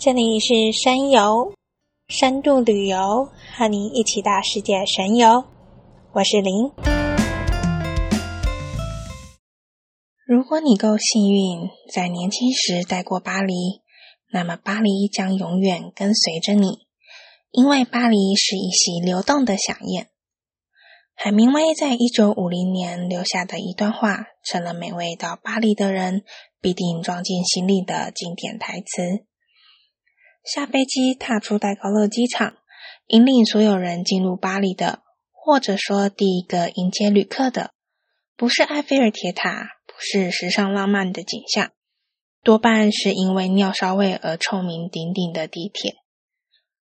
這裡是山遊深度旅遊，和你一起到世界神遊。我是林。如果你夠幸運，在年輕時待過巴黎，那麼巴黎將永遠跟隨着你，因為巴黎是一席流動的饗宴。海明威在一九五零年留下的一段話，成了每位到巴黎的人必定裝進行李的經典台詞。下飛機，踏出戴高樂機場，引領所有人進入巴黎的，或者說第一個迎接旅客的，不是埃菲爾鐵塔，不是時尚浪漫的景象，多半是因為尿騷味而臭名鼎鼎的地鐵。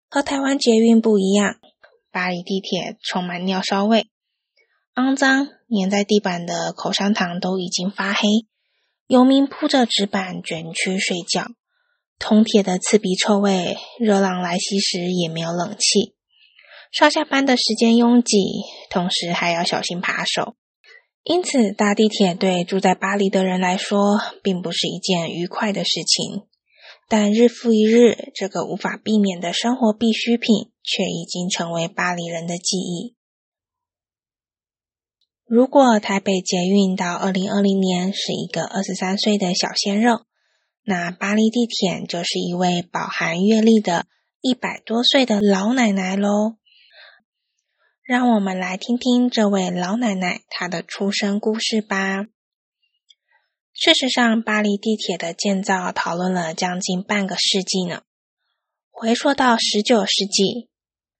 和台灣捷運不一樣，巴黎地鐵充滿尿騷味，骯髒，粘在地板的口香糖都已經發黑，游民鋪着紙板捲曲睡覺。銅鐵的刺鼻臭味，熱浪來襲時也沒有冷氣，上下班的時間擁擠，同時還要小心扒手。因此，搭地鐵對住在巴黎的人來說，並不是一件愉快的事情。但日復一日，這個無法避免的生活必需品，卻已經成為巴黎人的記憶。如果台北捷運到二零二零年是一個二十三歲的小鮮肉，那巴黎地鐵就是一位飽含閱歷的一百多歲的老奶奶嘍。讓我們來聽聽這位老奶奶她的出生故事吧。事實上，巴黎地鐵的建造討論了將近半個世紀呢。回溯到十九世紀，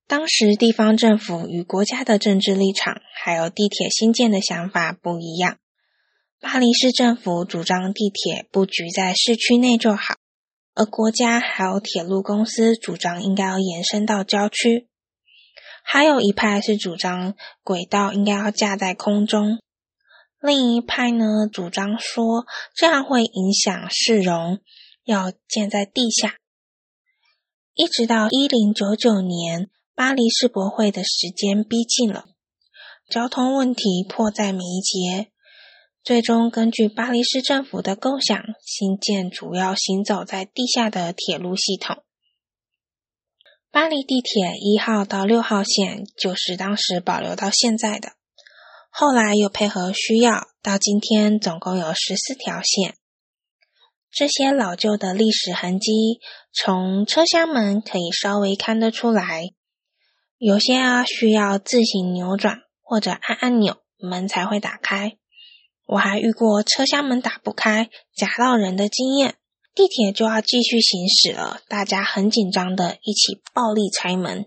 當時地方政府與國家的政治立場還有地鐵興建的想法不一樣。巴黎市政府主張地鐵布局在市區內就好，而國家還有鐵路公司主張應該要延伸到郊區。還有一派是主張軌道應該要架在空中，另一派呢，主張說這樣會影響市容，要建在地下。一直到一零九九年巴黎世博會的時間逼近了，交通問題迫在眉睫。最終，根據巴黎市政府的構想，新建主要行走在地下的鐵路系統。巴黎地鐵一號到六號線就是當時保留到現在的。後來又配合需要，到今天總共有十四條線。這些老舊的歷史痕迹，從車廂門可以稍微看得出來。有些啊需要自行扭轉或者按按鈕，門才會打開。我還遇過車廂門打不開夾到人的經驗，地鐵就要繼續行駛了，大家很緊張的一起暴力拆門。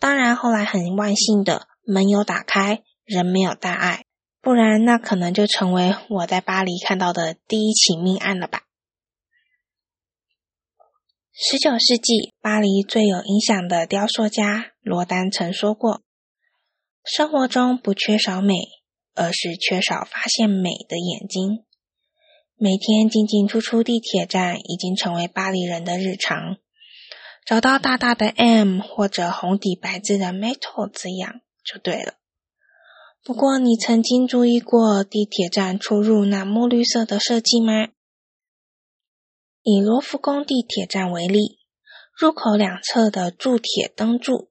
當然後來很萬幸的門有打開，人沒有大礙，不然那可能就成為我在巴黎看到的第一起命案了吧。十九世紀巴黎最有影響的雕塑家羅丹曾說過：“生活中不缺少美。”而是缺少發現美的眼睛。每天進進出出地鐵站已經成為巴黎人的日常。找到大大的 M 或者紅底白字的 Metro 字樣就對了。不過，你曾經注意過地鐵站出入那墨綠色的設計嗎？以羅浮宮地鐵站為例，入口兩側的鑄鐵燈柱。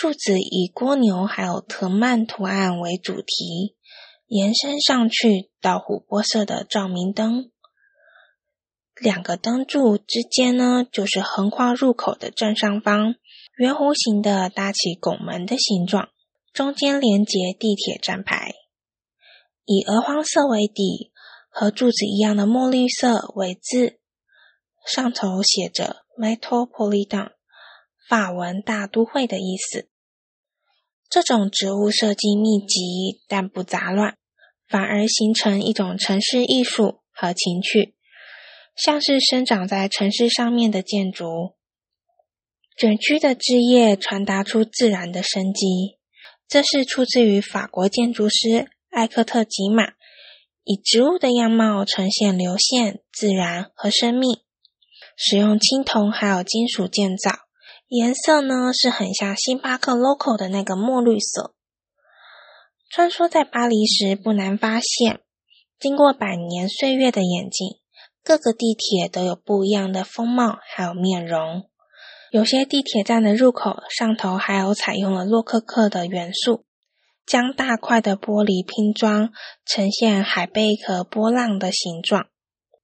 柱子以蝸牛還有藤蔓圖案為主題，延伸上去到琥珀色的照明燈。兩個燈柱之間呢，就是橫跨入口的正上方，圓弧形的搭起拱門的形狀，中間連接地鐵站牌，以鵝黃色為底，和柱子一樣的墨綠色為字，上頭寫着 “Metropolitan”，法文大都會的意思。這種植物設計密集但不雜亂，反而形成一種城市藝術和情趣，像是生長在城市上面的建築。捲曲的枝葉傳達出自然的生機。這是出自於法國建築師艾克特吉馬，以植物的樣貌呈現流線、自然和生命，使用青銅還有金屬建造。顏色呢，是很像星巴克 logo 的那個墨綠色。穿梭在巴黎時，不難發現，經過百年歲月的演進，各個地鐵都有不一樣的風貌還有面容。有些地鐵站的入口上頭還有採用了洛可可的元素，將大塊的玻璃拼裝，呈現海貝殼波浪的形狀，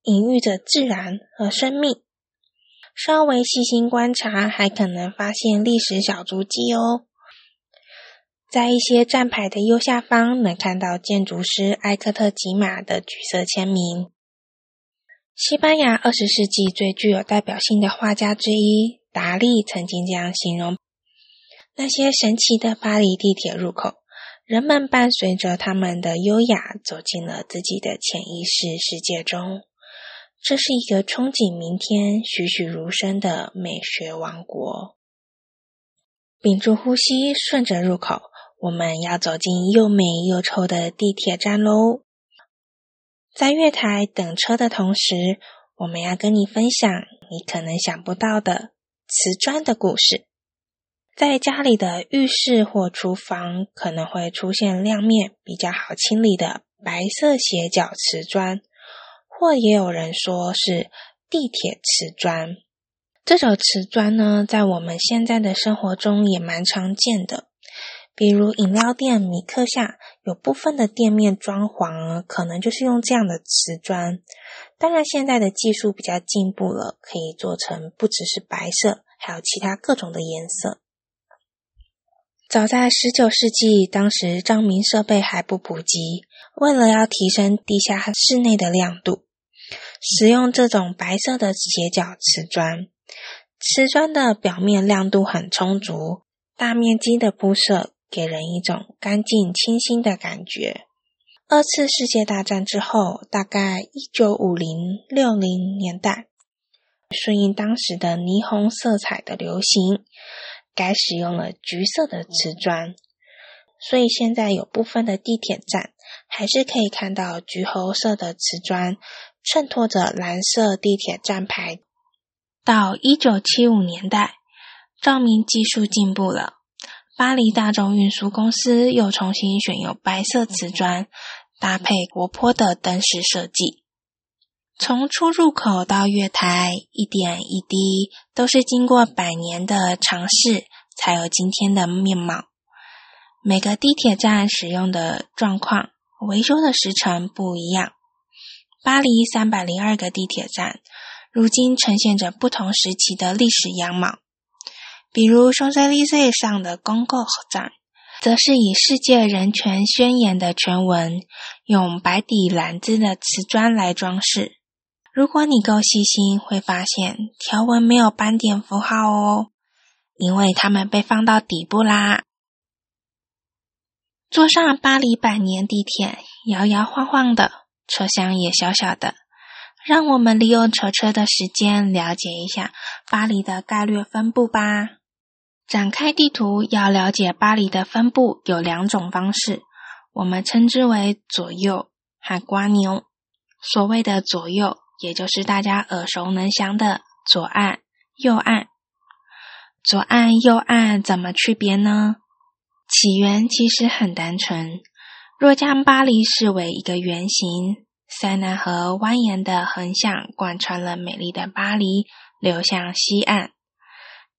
隱喻着自然和生命。稍微細心觀察，還可能發現歷史小足跡哦。在一些站牌的右下方，能看到建築師埃克特吉馬的橘色簽名。西班牙二十世紀最具有代表性的畫家之一達利曾經這樣形容：“那些神奇的巴黎地鐵入口，人們伴隨着他們的優雅，走進了自己的潛意識世界中。”這是一個憧憬明天、栩栩如生的美學王國。屏住呼吸，順着入口，我們要走進又美又臭的地鐵站嘍！在月台等車的同時，我們要跟你分享你可能想不到的磁磚的故事。在家裡的浴室或廚房，可能會出現亮面、比較好清理的白色斜角磁磚。或也有人說是地鐵瓷磚，這種瓷磚呢，在我們現在的生活中也蠻常見的，比如飲料店迷客夏有部分的店面裝潢可能就是用這樣的瓷磚。當然，現在的技術比較進步了，可以做成不只是白色，還有其他各種的顏色。早在十九世紀，當時照明設備還不普及，為了要提升地下室內的亮度。使用這種白色的斜角瓷磚，瓷磚的表面亮度很充足，大面積的鋪設給人一種乾淨清新的感覺。二次世界大戰之後，大概一九五零、六零年代，順應當時的霓虹色彩的流行，改使用了橘色的瓷磚，所以現在有部分的地鐵站還是可以看到橘紅色的瓷磚。襯托着藍色地鐵站牌。到一九七五年代，照明技術進步了，巴黎大眾運輸公司又重新選用白色瓷磚，搭配活潑的燈飾設計。從出入口到月台，一點一滴都是經過百年的嘗試，才有今天的面貌。每個地鐵站使用的狀況、維修的時程不一樣。巴黎三百零二個地鐵站，如今呈現着不同時期的歷史樣貌。比如，松色利柱上的公告站，則是以《世界人權宣言》的全文，用白底藍字的瓷磚來裝飾。如果你夠細心，會發現條文沒有標點符號哦，因為它們被放到底部啦。坐上巴黎百年地鐵，搖搖晃晃的。車廂也小小的，讓我們利用乘車的時間了解一下巴黎的概略分布吧。展開地圖，要了解巴黎的分布有兩種方式，我們稱之為左右和蝸牛。所謂的左右，也就是大家耳熟能詳的左岸、右岸。左岸、右岸怎麼區別呢？起源其實很單純。若將巴黎視為一個圓形，塞納河蜿蜒，的橫向貫穿了美麗的巴黎，流向西岸。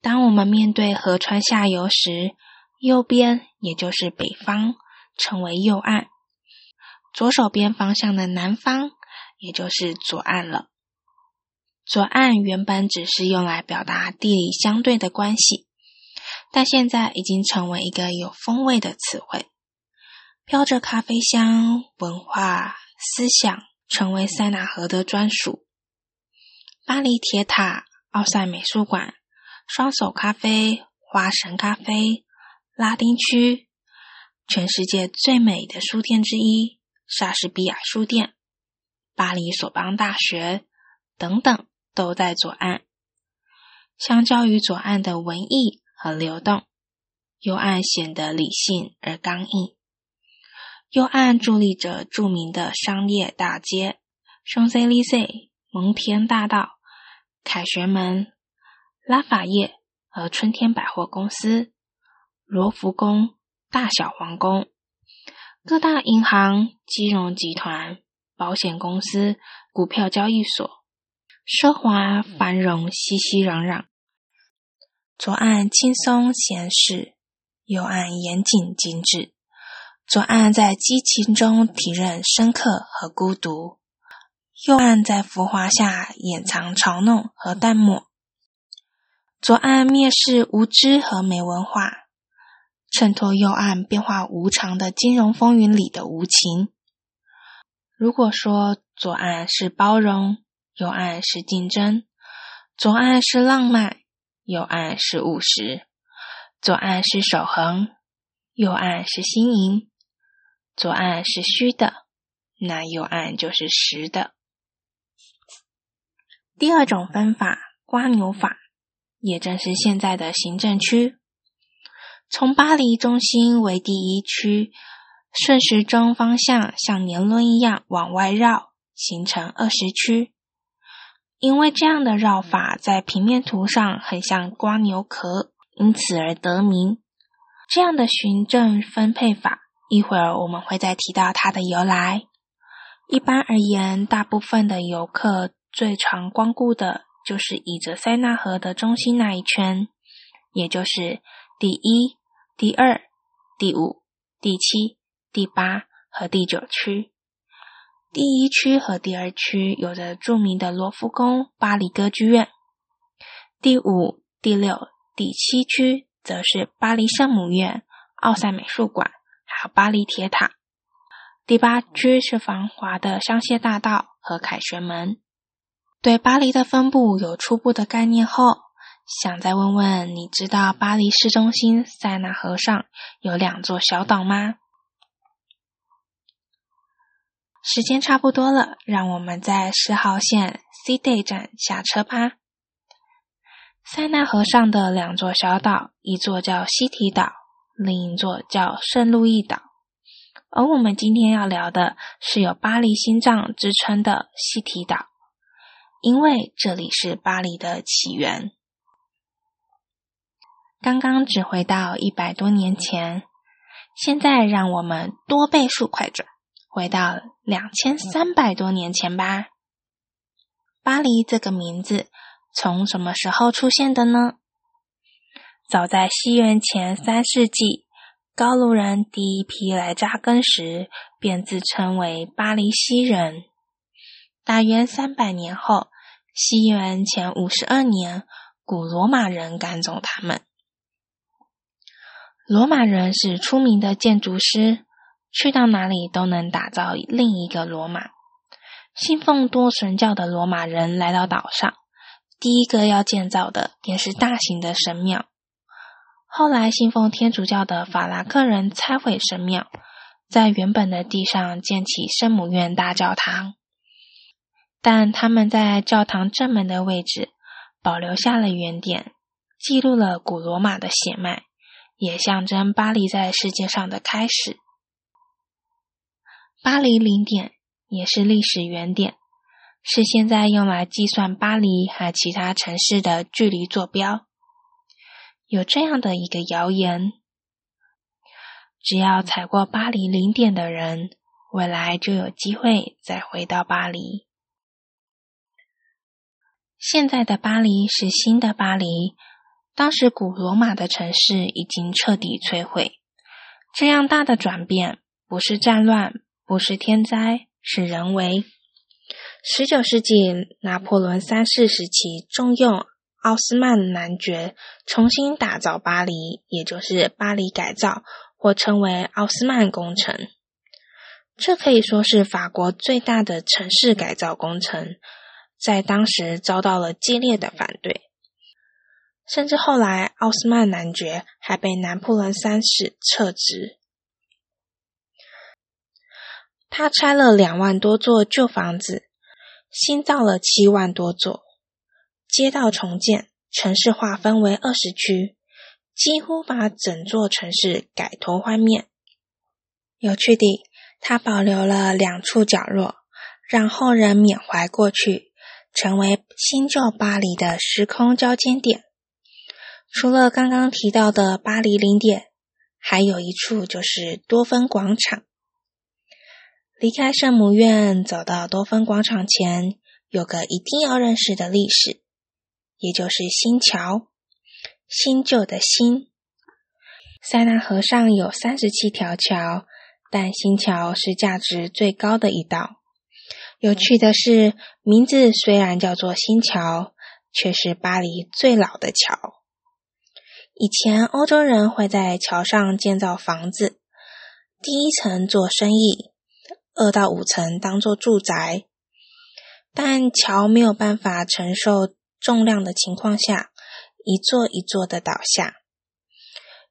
當我們面對河川下游時，右邊也就是北方，成為右岸；左手邊方向的南方，也就是左岸了。左岸原本只是用來表達地理相對的關係，但現在已經成為一個有風味的詞彙。飄着咖啡香，文化思想成為塞納河的專屬。巴黎鐵塔、奧賽美術館、雙手咖啡、花神咖啡、拉丁區、全世界最美的書店之一——莎士比亞書店、巴黎索邦大學等等，都在左岸。相較於左岸的文藝和流動，右岸顯得理性而剛毅。右岸佇立着著名的商業大街，香榭麗舍蒙田大道、凱旋門、拉法葉和春天百貨公司、羅浮宮、大小皇宮，各大銀行、金融集團、保險公司、股票交易所，奢華繁榮，熙熙攘攘。左岸輕鬆閒適，右岸嚴謹精緻。左岸在激情中體認深刻和孤獨，右岸在浮華下掩藏嘲弄和淡漠。左岸蔑視無知和沒文化，襯托右岸變化無常的金融風雲裡的無情。如果說左岸是包容，右岸是競爭；左岸是浪漫，右岸是務實；左岸是守恆，右岸是新穎。左岸是虛的，那右岸就是實的。第二種分法，蝸牛法，也正是現在的行政區，從巴黎中心為第一區，順時針方向像年輪一樣往外繞，形成二十區。因為這樣的繞法在平面圖上很像蝸牛殼，因此而得名。這樣的行政分配法。一會兒我們會再提到它的由來。一般而言，大部分的遊客最常光顧的就是倚著塞納河的中心那一圈，也就是第一、第二、第五、第七、第八和第九區。第一區和第二區有着著名的羅浮宮、巴黎歌劇院；第五、第六、第七區則是巴黎聖母院、奧賽美術館。還有巴黎鐵塔，第八區是繁華的香榭大道和凱旋門。對巴黎的分布有初步的概念後，想再問問，你知道巴黎市中心塞納河上有兩座小島嗎？時間差不多了，讓我們在四號線 C 站下車吧。塞納河上的兩座小島，一座叫西堤島。另一座叫聖路易島，而我們今天要聊的是有巴黎心臟之稱的西堤島，因為這裡是巴黎的起源。剛剛只回到一百多年前，現在讓我們多倍速快轉，回到兩千三百多年前吧。巴黎這個名字從什麼時候出現的呢？早在西元前三世紀，高盧人第一批來紮根時，便自稱為巴黎西人。大約三百年後，西元前五十二年，古羅馬人趕走他們。羅馬人是出名的建築師，去到哪裡都能打造另一個羅馬。信奉多神教的羅馬人來到島上，第一個要建造的便是大型的神廟。後來信奉天主教的法蘭克人拆毀神廟，在原本的地上建起聖母院大教堂。但他們在教堂正門的位置保留下了原點，記錄了古羅馬的血脈，也象徵巴黎在世界上的開始。巴黎零點也是歷史原點，是現在用來計算巴黎和其他城市的距離坐標。有這樣的一個謠言：只要踩過巴黎零點的人，未來就有機會再回到巴黎。現在的巴黎是新的巴黎，當時古羅馬的城市已經徹底摧毀。這樣大的轉變，不是戰亂，不是天災，是人為。十九世紀拿破崙三世時期重用，奧斯曼男爵重新打造巴黎，也就是巴黎改造，或稱為奧斯曼工程。這可以說是法國最大的城市改造工程，在當時遭到了激烈的反對，甚至後來奧斯曼男爵還被拿破崙三世撤職。他拆了兩萬多座舊房子，新造了七萬多座。街道重建，城市劃分為二十區，幾乎把整座城市改頭換面。有趣的，它保留了兩處角落，讓後人緬懷過去，成為新舊巴黎的時空交界點。除了剛剛提到的巴黎零點，還有一處就是多芬廣場。離開聖母院，走到多芬廣場前，有個一定要認識的歷史。也就是新橋，新舊的“新”。塞納河上有三十七條橋，但新橋是價值最高的一道。有趣的是，名字雖然叫做新橋，卻是巴黎最老的橋。以前歐洲人會在橋上建造房子，第一層做生意，二到五層當做住宅，但橋沒有辦法承受。重量的情況下，一座一座的倒下。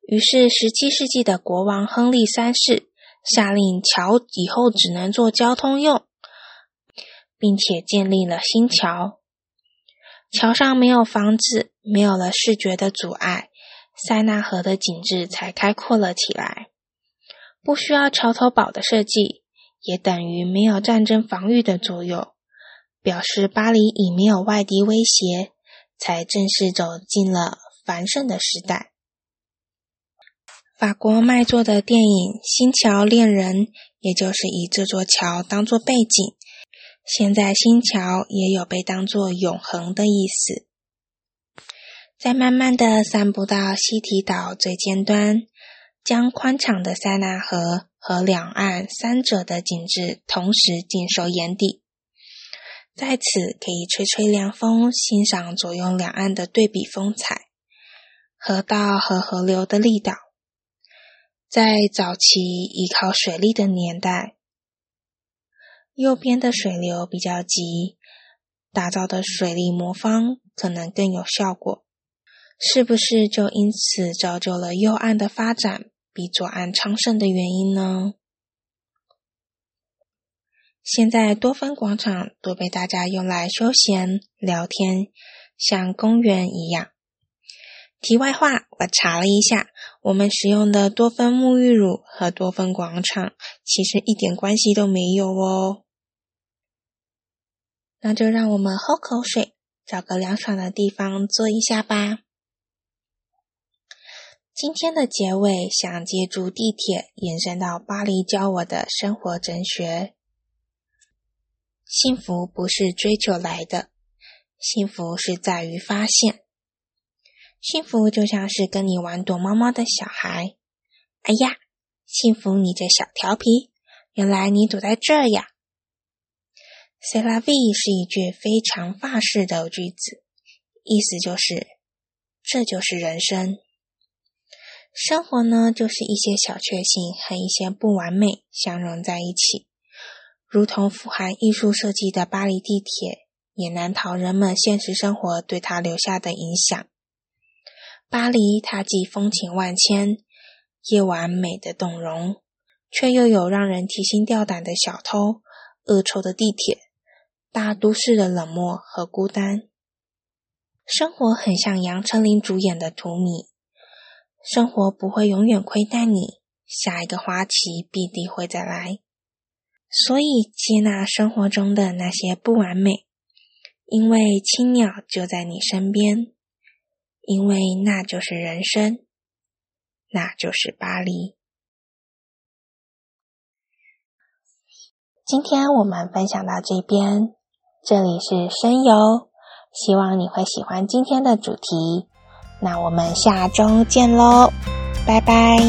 於是，十七世紀的國王亨利三世下令，橋以後只能做交通用，並且建立了新橋。橋上沒有房子，沒有了視覺的阻礙，塞納河的景致才開闊了起來。不需要橋頭堡的設計，也等於沒有戰爭防禦的作用。表示巴黎已沒有外敵威脅，才正式走進了繁盛的時代。法國賣座的電影《新橋戀人》，也就是以這座橋當做背景。現在，新橋也有被當作永恆的意思。再慢慢的散步到西堤島最尖端，將寬敞的塞納河和兩岸三者的景致同時盡收眼底。在此可以吹吹涼風，欣賞左右兩岸的對比風采。河道和河流的力道，在早期依靠水力的年代，右邊的水流比較急，打造的水力磨坊可能更有效果。是不是就因此造就了右岸的發展比左岸昌盛的原因呢？現在多芬廣場都被大家用來休閒聊天，像公園一樣。題外話，我查了一下，我們使用的多芬沐浴乳和多芬廣場其實一點關係都沒有哦。那就讓我們喝口水，找個涼爽的地方坐一下吧。今天的結尾想借助地鐵延伸到巴黎教我的生活哲學。幸福不是追求來的，幸福是在於發現。幸福就像是跟你玩躲貓貓的小孩。哎呀，幸福你這小調皮，原來你躲在這兒呀。C'est la vie 是一句非常法式的句子，意思就是：這就是人生，生活呢，就是一些小確幸和一些不完美相融在一起。如同富含藝術設計的巴黎地鐵，也難逃人們現實生活對它留下的影響。巴黎，它既風情萬千，夜晚美得動容，卻又有讓人提心吊膽的小偷、惡臭的地鐵、大都市的冷漠和孤單。生活很像楊丞琳主演的《荼蘼》，生活不會永遠虧待你，下一個花期必定會再來。所以接納生活中的那些不完美，因為青鳥就在你身邊，因為那就是人生，那就是巴黎。今天我們分享到這邊，這裡是聲遊，希望你會喜歡今天的主題。那我們下周見嘍，拜拜。